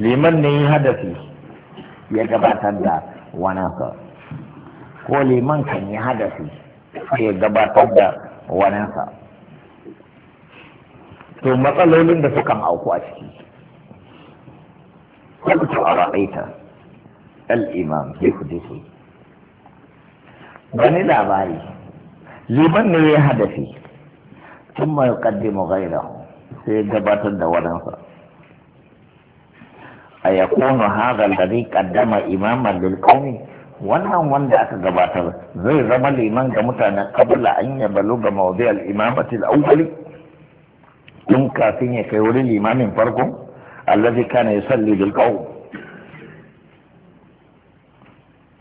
liman ne yi hadafi ya gabatar da waninsa ko liman kan yi hadafi ya gabatar da waninsa to matsalolin da suka auku a ciki kwallo a ra'aita al'imam ya kudu su wani labari liman ne ya yi hadafi tun mai kaddi mu gaira sai gabatar da waninsa a ya kono hazal da zai kaddama wannan wanda aka gabatar zai zama liman ga mutanen kabula an yi balu ga mawadi al'imamati al'awwali tun kafin ya kai wuri limamin farko allazi kana ya salli lilkawo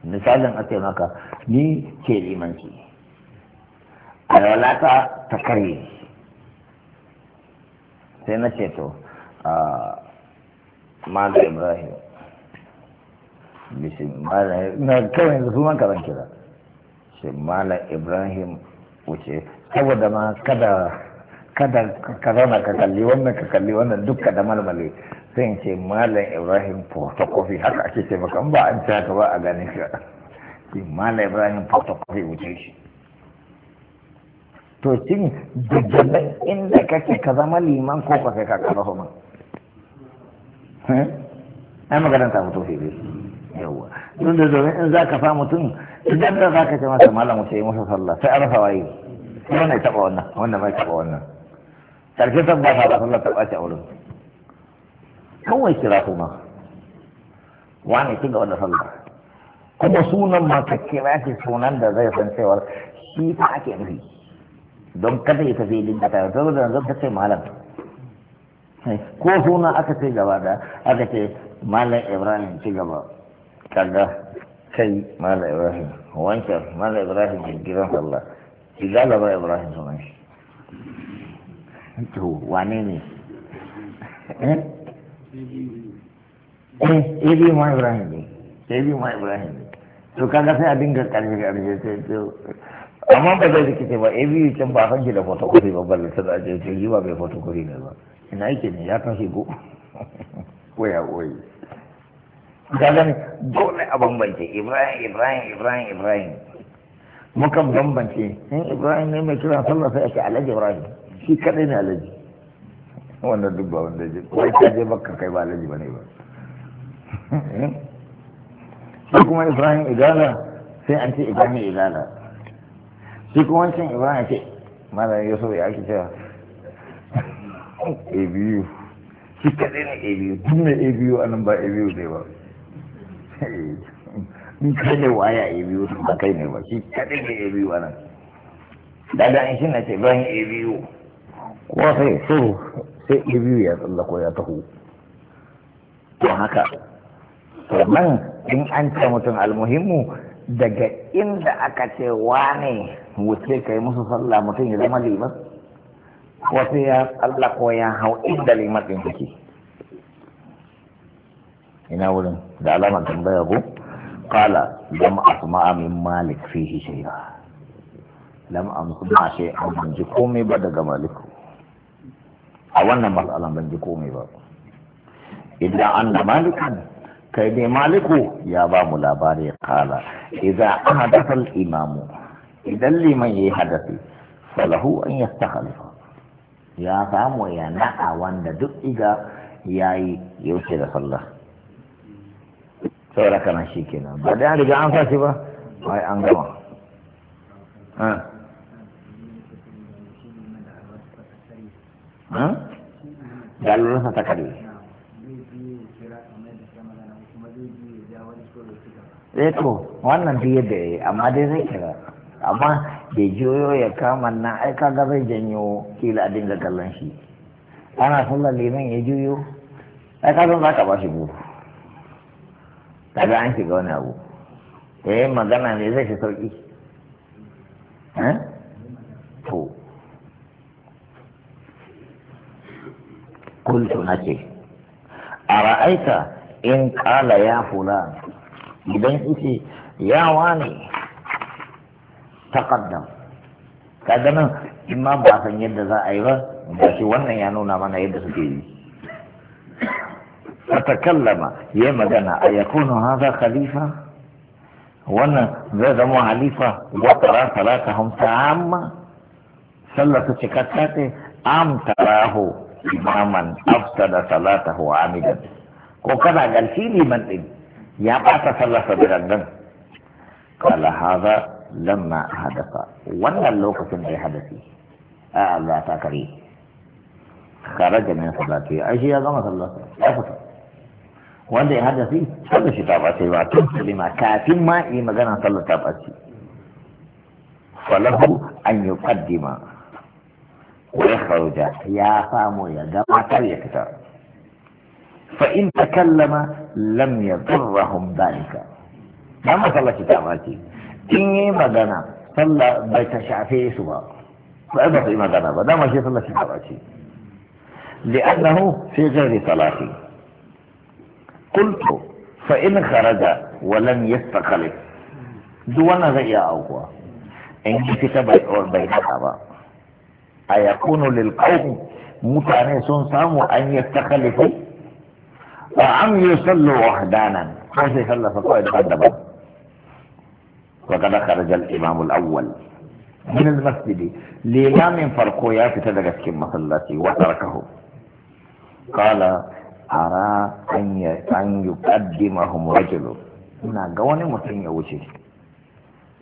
misalin ake maka ni ke limanci a yawalata ta karye sai na ce to ah, malam ibrahim Bisa malam na kawai yanzu sunan ka zan kira shi malam ibrahim wuce saboda ma kada kada ka zauna ka kalli wannan ka kalli wannan dukka da malmale sai in ce malam ibrahim photocopy haka ake ce maka ba an ci haka ba a gane ka ce malam ibrahim photocopy wuce shi to cin jami'in inda kake ka zama liman ko ka kai ka homa. Eh? ai maganar ta fito fili yawa don da domin in za ka fa mutum idan da za ka ce masa malam wuce yi masa sallah sai an rasa waye wannan ya taɓa wannan wannan bai taɓa wannan ƙarshen tabbata da sallah ta ɓace a wurin kawai kira kuma wani ki ga wannan sallah kuma sunan ma ka kira shi sunan da zai san cewar shi ta ake nufi don kada ya tafi dinka ta yanzu da yanzu ta ce malam ko suna aka ce gaba da aka ce malam ibrahim ci gaba kaga kai malam ibrahim wancan malam ibrahim jirgin sallah ki galaba ibrahim sunan shi to wane ne eh eh ibi ma ibrahim ne ibi ma ibrahim ne to kaga sai a dinga karshe karshe sai to amma ba zai rikice ba ibi can ba san shi da fotokofi ba balle ta da ce shi ba bai fotokofi ne ba ina yake ne ya tashi go koya koyi ga ne dole a bambance ibrahim ibrahim ibrahim ibrahim mukan bambance in ibrahim ne mai kira sallah sai ake alhaji ibrahim shi kadai ne alhaji wannan duk ba wanda je kai ka je bakka kai ba alhaji bane ba shi kuma ibrahim igala sai an ce ibrahim igala shi kuma wancan ibrahim ce malam yusuf ya ake cewa a biyu shi kaɗai na a biyu tun na a biyu a nan ba a biyu ne ba in kai ne waya a biyu tun ba kai ne ba shi kaɗai ne a biyu a nan daga an shi na ce bayan a biyu ko sai so sai a biyu ya ko ya taho to haka sannan in an ce mutum almuhimmu daga inda aka ce wane wuce kai musu sallah mutum ya zama liman wasu ya tsalla ko ya hau inda limatin suke ina wurin da alamar tambaya ko kala lam asma'a min malik fihi shay'a lam amsuma shay'an ban ji komai ba daga maliku a wannan matsalan ban ji komai ba idan an da malikan kai ne maliku ya ba mu labari kala idan an hadasa imamu idan liman ya yi hadafi falahu an yastakhalifa ya samu ya naɗa wanda duk iga ya yi yaushe da sallah saboda kanan shi kenan ba da riga an sa shi ba ai an gama da lulunsa ta kare eh to wannan biyar da ya yi amma dai zai kira amma da juyo ya kama nan ai kaga zai janyo kila a dinga kallon shi ana sallar liman ya juyo ai kaga za ka ba shi buhu kaga an shiga wani abu da eh, yi magana ne zai shi sauki eh? to kultu na ce a ra'aita in kala ya fula idan ita yawa ne تقدم كذا إمام بعثن يد ذا أيوة بس ون يانو نما نيد سكيل فتكلم يا مدنا أيكون هذا خليفة ون ذا دمو خليفة وترى ثلاثة هم تعامة صلى تشكتات أم تراه إماما أفسد صلاته عامدا وكما قال في لي من يا بعث صلى صدرا قال هذا لما حدث وانا اللوكس اللي حدثي اعلى آه، تاكري خرج من صلاتي اشياء ضمى الله لا فتر وانا اللي حدثي إيه صلى شتاب اسي واتن سلما كاتم ما اي مغانا صلى شتاب اسي فله ان يقدم ويخرج يا فامو يا جماعة يا كتاب فان تكلم لم يضرهم ذلك ما صلى شتاب اسي in yi magana sallah bai ta shafe su ba ba ba su yi magana ba dama shi sallah shi gaba ce li'annahu fi ghairi salati qultu fa in kharaja wa lam yastaqil duk wannan zai iya aukuwa in ki fita bai bai haka ba a yakunu lil qawmi mutane sun samu an yastaqilifu wa am yusallu wahdanan ko sai sallah fa kawai da daban وقد خرج الإمام الأول من المسجد لإمام فرقو يافت دقت كم مصلاتي وتركه قال أرى أن يقدمهم رجل ina ga wani mutum ya wuce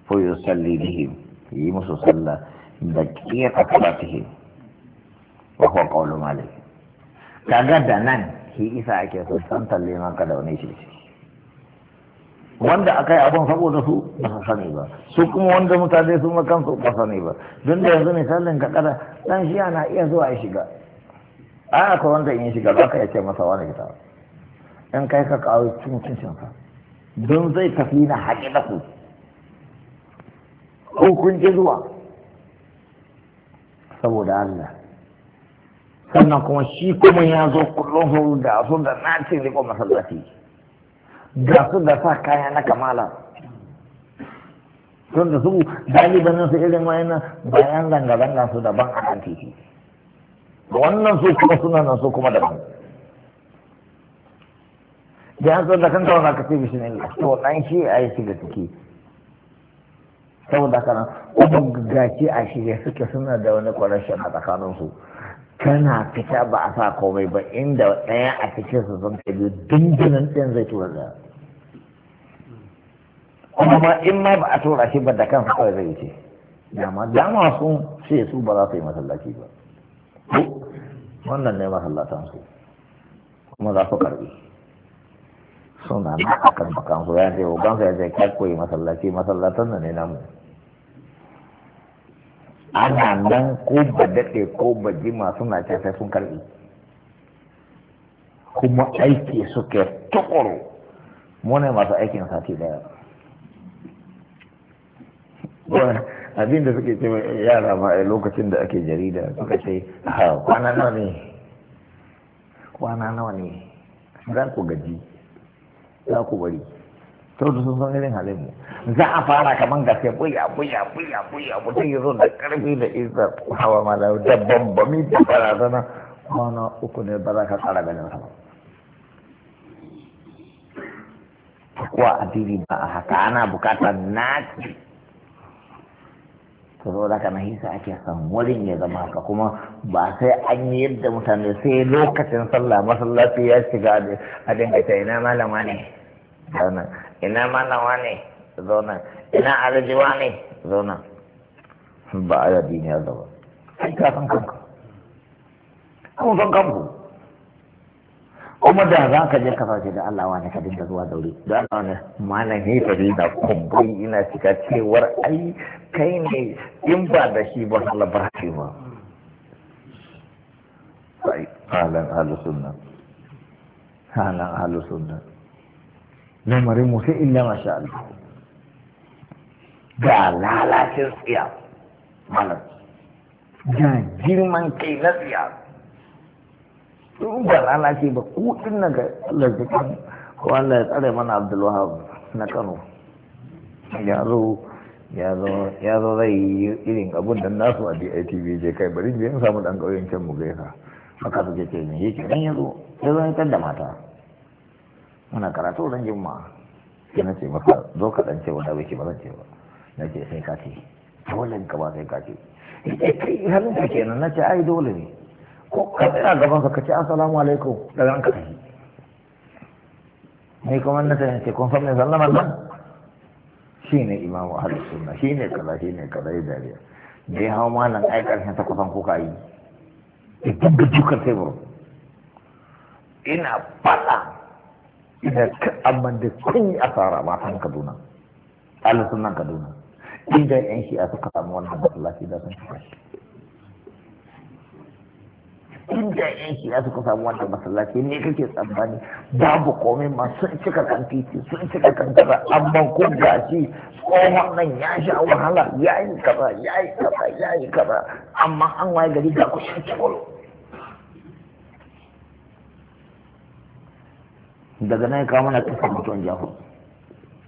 foyo salli bihim yi musu sallah da kiyata salatihim wa huwa qawlu malik kaga da nan shi isa ake so san maka da wani shi wanda aka yi abin saboda su ba su sani ba su kuma wanda mutane su kansu ba sani ba don da yanzu misalin ka kada dan shiya na iya zuwa ya shiga a aka wanda in shiga ba ka ce masa wani gita in kai ka kawo cin cin sa don zai tafi na haƙi da ku ko kun ji zuwa saboda Allah sannan kuma shi kuma ya zo kullum da sun da na nacin riko masallaci ga su da sa kaya na kamala don da su galiban su irin wayan bayan zanga-zanga su daban a kan titi wannan su kuma suna nan su kuma daban da an da kan kawo na ce bishin Allah to dan shi a yi shiga ciki saboda kana kuma gaci a shirya suke suna da wani kwarashin a tsakaninsu kana fita ba a sa komai ba inda ɗaya a cikin su sun kai biyu dindinin ɗin zai tura da kuma ba in ma ba a tura shi ba da kan kawai zai wuce dama dama sun ce su ba za su yi masallaci ba wannan ne masallatan su kuma za su karbi suna na akan bakan su ya ce ya ce kai koyi masallaci masallatan nan ne namu ana nan ko ba daɗe ko ba jima suna ce sai sun karbi kuma aiki suke tukuru mu ne masu aikin sati daya abin da suke ce yara ma a lokacin da ake jarida suka ce kwana nawa ne kwana nawa ne za ku gaji za ku bari sau da sun san irin halin mu za a fara kamar sai buya buya buya buya mutum ya zo da karfi da isa hawa ma da da bambami da barazana kwana uku ne ba za ka tsara ganin sa ba kuwa addini ba a haka ana bukatar naci saboda ka na hisa ake son wurin ya zama haka kuma ba sai an yi yadda mutane sai lokacin sallah masallaci ya shiga a dinga ta ina malama ne zauna ina malama ne zauna ina alajiwa ne zauna ba a da ya zaba ai ka san kanka kuma san kanku kuma da za ka je kafafe da Allah wani ka dinga zuwa daure da Allah ne malam hifari da kumburi ina cika cewar ai kai ne in ba da shi ba Allah ba shi ba sai halan ahlus sunna halan ahlus sunna lamarin mu sai illa masha Allah ga lalacin tsiya malam ga girman kai na tsiya in ba ce ba kudin na ga lalzikin ko Allah ya tsare mana Abdulwahab na Kano ya zo ya zo zai yi irin abun da nasu a DITV je kai bari biyan samu dan ƙauyen can mu gaisa haka suke ce ne yake dan ya zo ya zo ya da mata muna karatu ran jimma sai na ce maka zo ka dan ce wanda bai ce ba zan ce ba na ce sai ka ce dole ka ba sai ka ce kai halin ka kenan na ce ai dole ne ko ka tsaya gaban ka kace assalamu alaikum da ran ka tafi ne kuma na tana ce kun san me sallama nan ne imamu ahlus sunna shine kaza shine kaza ya dariya da ya hawo malam ai karshen ta kusan kuka yi da dubbe sai tebur ina fada ina amma da kun yi asara ba san kaduna ahlus sunna kaduna inda yan shi'a suka samu wannan masallaci da sun shuka shi inda yan shiya suka samu wannan masallaci ne kake tsammani babu komai ma sun cika kan titi sun cika kan kaza amma ko shi tsohon nan ya sha wahala ya yi kaza ya yi kaza ya yi kaza amma an waye gari ga ku yan cikolo daga nan kawo mana kasa mutuwan jafar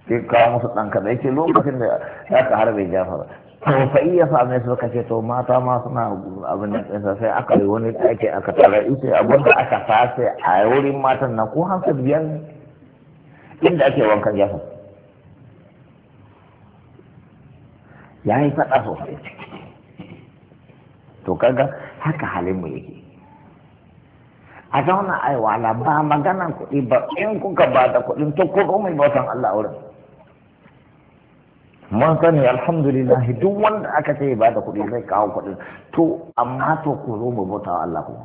sai kawo musu ɗan kaza ya ce lokacin da ya ka harbe jafa sai ya mai suka ce to mata ma suna abin da kansa sai aka yi wani ake aka tara ita abin da aka fasa a wurin matan na ko hansa biyar inda ake wankan jafa ya yi faɗa sosai to kaga haka halin mu yake a zauna aiwala ba maganan kuɗi ba in kuka ba da kuɗin to ko mai bautan Allah wurin mun sani alhamdulillah duk wanda aka ce ba da kuɗi zai kawo kuɗin to amma to ku zo mu bauta wa Allah kuma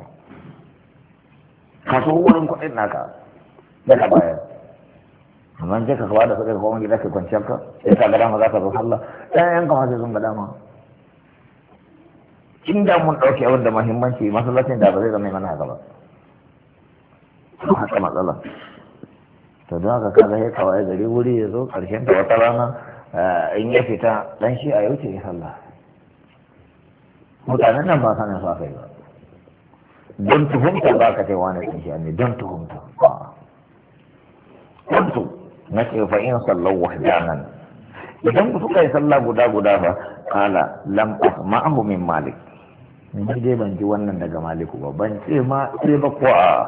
ka so wurin kuɗin naka daga baya amma je ka kawo da kuɗin kuma gida ka kwanciyar ka sai ka ga dama za ka zo Allah ɗayan yan kawo sai sun ga dama da mun ɗauke abin da muhimmanci masallacin da ba zai zama mana haka ba to haka matsala to ka ka kaga sai kawai gari wuri ya zo ƙarshen ta wata rana Eh, in ya fita dan shi a yauce ya sallah mutanen nan ba sanin sa kai ba don tuhumta ba ka kai wani ɗan shi ne don tuhumta kuntu na ce fa in sallau wahdanan idan ku suka yi sallah guda guda ba kala lam ma'ahu min malik ni dai ban ji wannan daga maliku ba ban ce ma sai ba ko a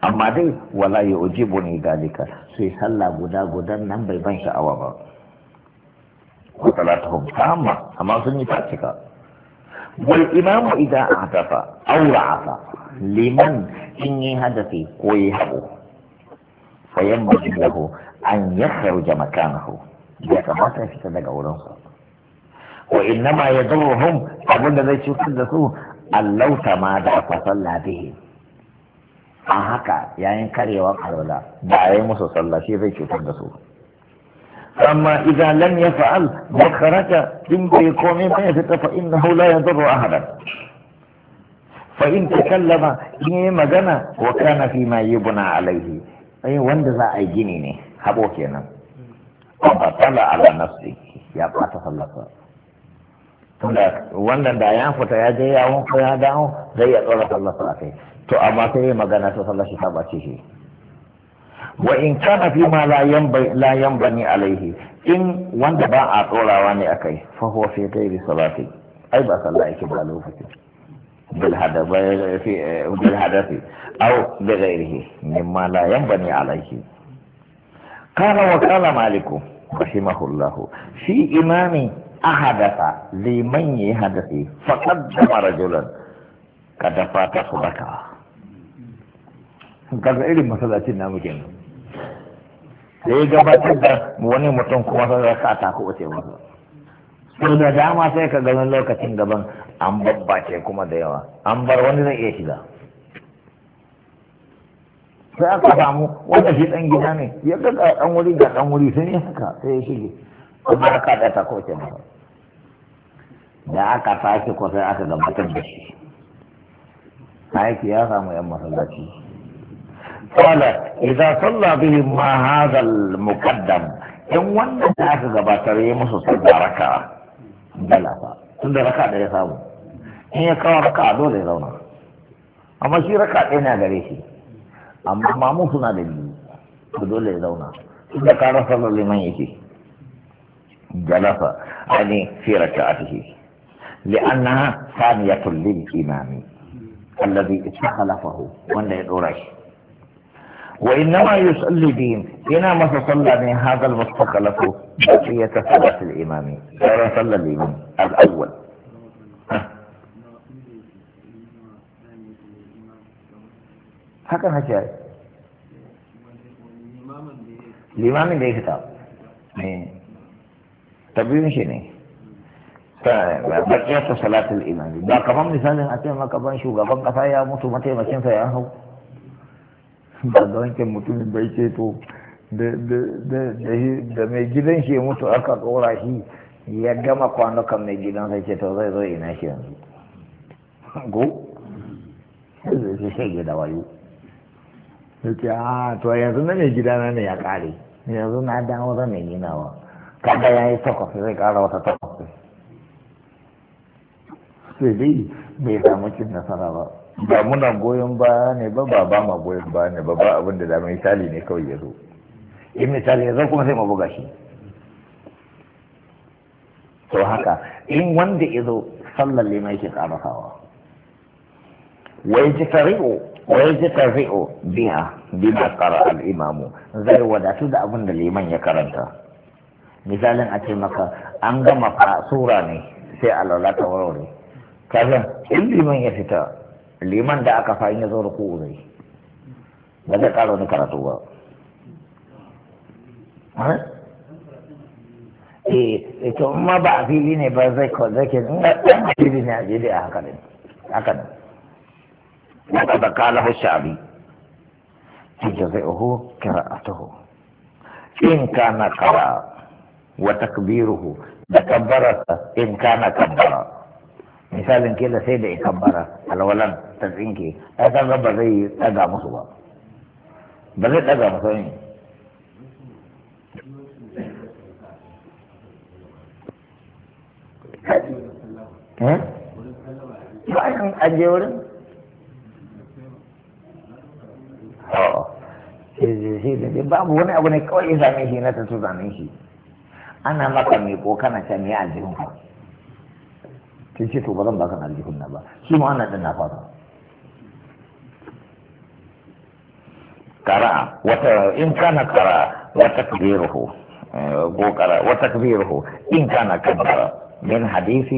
amma dai wala ya ujibu ne dalika sai sallah guda gudan nan bai ban sha'awa ba ko talatuhum tamma amma sun yi fatika wal imam idan ahdafa aw ra'afa liman in yi hadafi ko yi hago fa yamma lahu an yakhruja makanahu ya kamata fita daga sa wa innama yadurruhum abinda zai cutar da su allauta ma da fa sallah bihi a haka yayin karewa alwala ba a yi musu sallah shi zai cutar da su amma idan lam ya fa'al ba karaka in bai komai ba ya fita fa innahu la yadurru ahadan fa in takallama in yi magana wa kana fi ma yubna alaihi ai wanda za a yi gini ne habo kenan ba tala ala nafsi ya bata sallarsa tunda wannan da ya fita ya je ya ko ya dawo zai ya tsora sallarsa a kai to amma sai yi magana ta sallar shi ta bace shi wa in kana fi ma la yanbani la alaihi in wanda ba a tsorawa ne akai fa huwa fi ghairi salati ai ba sallah yake ba lokacin bil hadafi eh, bil hadafi aw bi ghairihi mimma la yanbani alaihi kana wa kana maliku rahimahullah fi imami ahadasa liman yi hadasi faqad dama rajulan kada fata subaka kasa irin masallacin namu kenan sai gabatar da wani mutum kuma sai ya sa ta ko ce masa to da dama sai ka ganin lokacin gaban an babbace kuma da yawa an bar wani zai iya shiga sai aka samu wanda shi dan gida ne ya ga dan wuri ga dan wuri sai ya haka sai ya shige kuma aka da ta ko ce masa da aka tashi ko sai aka gabatar da shi aiki ya samu yan masallaci Kwana ita sun labirin ma hazal mukaddam, ‘yan wannan ta aka gabatar yi musu sun da raka da ya samu, in ya kawo raka a dole zauna, amma shi raka ɗaya na gare shi, amma mun suna da biyu, su dole zauna, da kara yake, da lafa, ainihin a ciki. li’an na sami ya tulli da kimami, Allah zai ita halafa wanda ya ɗora shi. وإنما يصلي بهم هنا ما تصلى من هذا المستخلف بقية صلاة الإمام غير صلى الإمام الأول هكذا شاي الإمام اللي يكتب تبين إيه. شنو بقية صلاة الإمام ده كمان مثال أتى ما كمان شو كمان كفاية مطمئن مكين فيها هو ba da wancan mutum bai ceto da mai gidan shi ya mutu aka tsora shi ya gama kwanukan mai gidan sai ceto zai zo ina shi yanzu go zai shi shege da wayo ya ce a ah, to yanzu na mai gidana ne ya kare yanzu na dawo zan mai ginawa kada ya yi takwas zai kara wata takwas sai dai bai samu cin nasara ba ba muna goyon baya ne ba ba ba ma goyon baya ne ba ba abin da zama misali ne kawai ya zo in misali ya zo kuma sai mabuga buga shi to haka in wanda ya zo sallar lima yake karasawa wai ji wai ji tari'o biya bima kara al'imamu zai wadatu da abin da liman ya karanta misalin a ce maka an gama sura ne sai lalata ta warware kazan in liman ya fita liman da aka fa'in ya zo ruku zai ba zai ƙara wani karatu ba eh to ma ba a fili ne ba zai ko zai ke ɗan a fili ne a jiri a haka ne haka ne na ƙasa kala hu sha'abi in da zai ohu kira a taho in kana kara wa takbiruhu da kabbararsa in kana kabbara misalin kila sai da bara, alwalan ta tsinke ya kaga ba zai daga musu ba ba zai daga musu ne eh? bayan an je wurin oh, babu wani abu ne kawai ya same shi na ta tuzanin shi ana maka mai ko kana can ya aljihun ka sai ce to ba zan baka aljihun na ba shi ma ana din na fata قراءة وت... إن كان قراءة وتكبيره قراءة وتكبيره إن كان كبر من حديث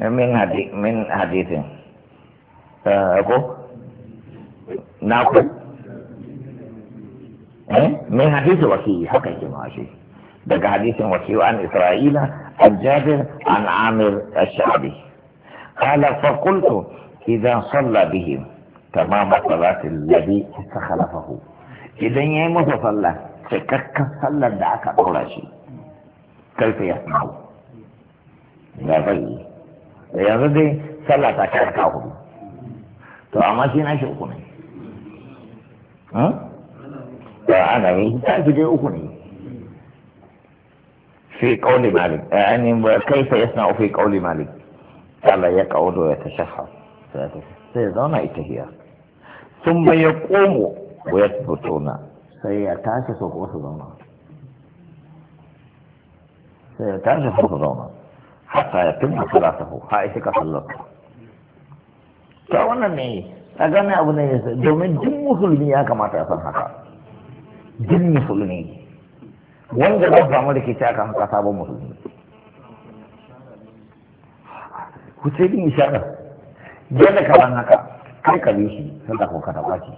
من حديث من حديث أكو آه، ناكو إيه؟ من حديث وكي حقا كما شيء دقى حديث وكي عن إسرائيل عن جابر عن عامر الشعبي قال فقلت إذا صلى بهم تمام صلاة الذي استخلفه إذا يمو صلى فكك صلى دعك قرشي كيف يسمعوا لا يا ويغذي صلى تكركه تو أما شين أشي ها انا مين تأتي في قول مالك يعني كيف يسمع في قول مالك kala ya kaudo ya tashahhar sai zauna ita hiya sun bai ya komo ko ya tabbatona sai ya tashi so ko su zauna sai ya tashi so ko zauna hatta ya tunna salatahu ha ita ka sallata ta wannan ne a gane abu ne domin duk musulmi ya kamata ya san haka duk musulmi wanda zai samu rikici akan haka sabon musulmi Ku din isharar dole ka ban haka kai ka bi shi sai da kokata taɓa ce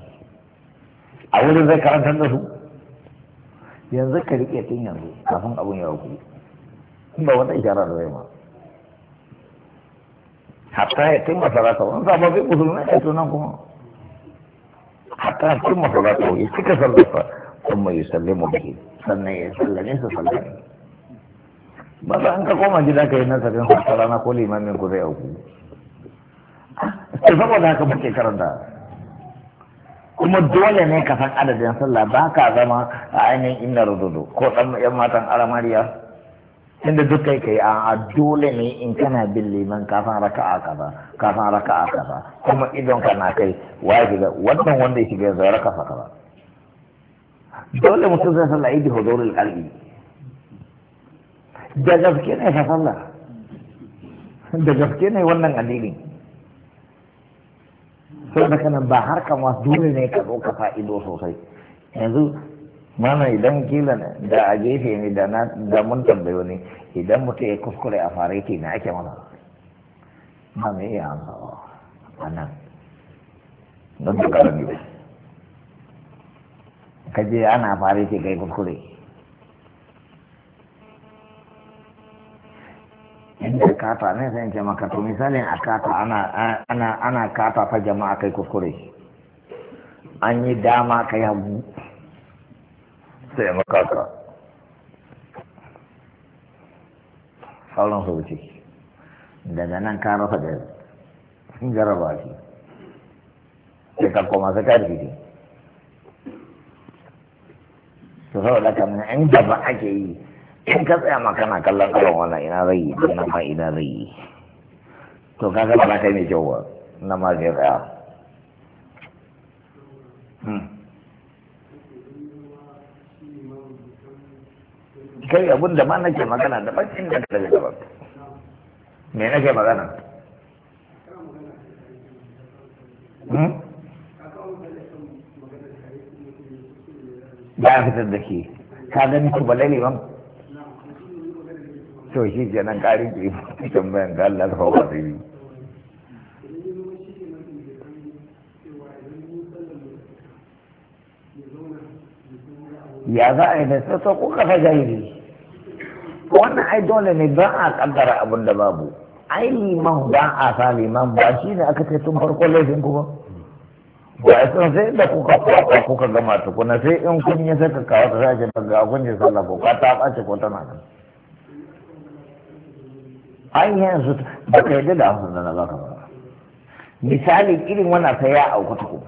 a wurin zai karanta da su yanzu ka rike tun yanzu kafin abun ya kun ba wata isharar da zai ma hatta ya tun masarata wani zama zai musulmi ya tunan kuma hatta ya tun ta ya cika sallafa kuma ya sallama bihi sannan ya sallame su sallame ba za ka koma gida ka yi nasarin wata rana ko limamin ku zai auku saboda haka muke karanta kuma dole ne ka san adadin sallah ba ka zama a ainihin inna rududu ko dan yan matan aramariya inda duk kai kai a dole ne in kana bin liman ka san raka'a kaza ka san raka'a kaza kuma idon ka na kai wajibi wannan wanda ya shiga zai raka kaza dole mutum zai sallah idi hudurul qalbi da gaske ne fa sallah da gaske ne wannan addini sai da kana ba har kama dole ne ka zo ka fa'ido sosai yanzu mana idan kila da a gefe ne da na da mun tambayo ne idan mutum ya kuskure a fara yake na ake mana ba mai iya amsawa a nan don da karami ka je ana fara yake kai kuskure kata ne sai ke maka to misalin a kata ana ana ana kata fa jama'a kai kuskure an yi dama kai hagu sai maka ka sauran su wuce daga nan ka rasa da sun jaraba shi sai ka koma sai ka rikici to saboda kamar in gaba ake yi in ka tsaya ma kana kallon kallon wannan ina zai yi nan ma ina zai yi to ka gaba kai mai kyau ba na ma zai tsaya hmm. kai abin da ma nake magana da bakin da kare da bakin me nake magana hmm? ya fitar da ke ka gani ku balai ba to shi ke nan ƙarin ke cikin bayan ga Allah ta hawa zai ya za a yi da sassa ko kasa jahili wannan ai dole ne ba a kaddara abin da babu ai liman ba a sa liman ba shi ne aka ce tun farko laifin kuma ba a san sai da kuka kuka kuka gama tukuna sai in kun yi saka kawo ta sake daga kun je sallah ko ka ta ɓace ko tana kan ai yanzu ba ta yadda da amsa na baka ba misali irin wannan sai ya auku tuku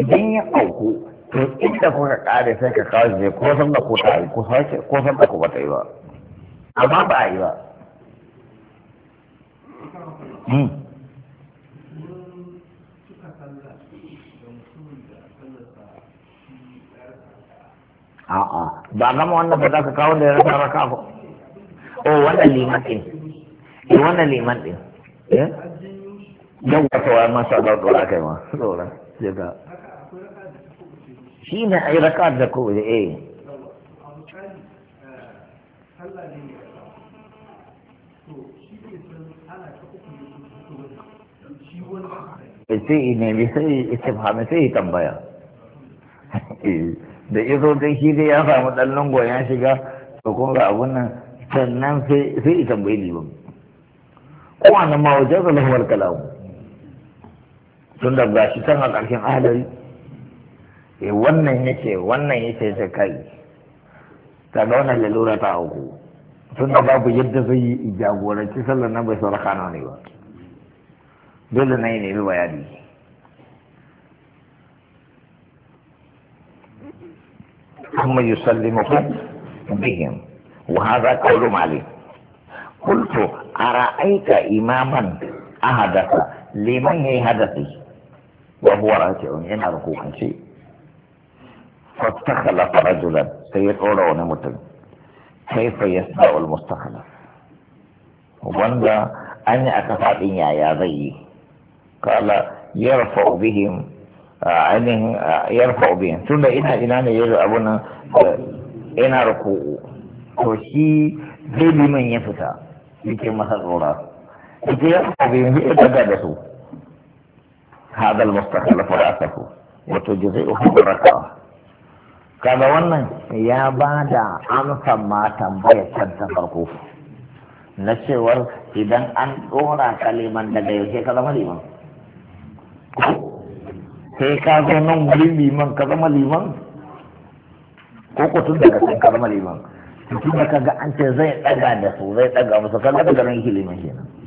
idan ya auku to inda kuka kare sai ka kawo shi ko san da ko ta yi ko sace ko san da ko ba ta yi ba amma ba a yi ba hmm. a'a ba gama wannan ba za ka kawo da ya rasa raka ko oh wannan liman ɗin eh wannan liman ɗin eh yau wata wa masa ba dora kai ma dora sai ga shi ne ai raka da ko eh, eh sai mai sai mai sai tambaya eh, da izo dai shi dai ya samu ɗan lungo ya shiga to kuma ga abun nan sannan sai ita bai liman ko a ma wajen zalawar kalamu tun da ba shi san a ƙarshen ahalari e wannan yake wannan yake ta kai ta ga wannan lalura ta hauku tun da babu yadda zai yi jagoranci sallar nan bai sauraka na ne ba dole na yi ne bi bayani amma yusallimu bihim وهذا قول مالي قلت أرأيت إماما أحدث لمن هي وهو راجع إلى ركوع شيء فاستخلف رجلا سيقول ونمتن كيف يسمع المستخلف وانذا أن أكفاد يا يا ذي قال يرفع بهم ainihin آه، آه، يرفع بهم ثم da إلى ina ne ya to shi zai liman ya fita yake masa tsora ita ya abu yi ita daga da su hadal mustaqal fa asafu wato jazai'u baraka kaga wannan ya ba da amsa ma tambaya ta farko na cewar idan an dora kaliman daga yaushe ka zama liman sai ka zo nan wuri liman ka zama liman ko ko tun daga can ka zama liman tun da kaga an ce zai tsaga da su zai tsaga musu kan daga garin hilimin kenan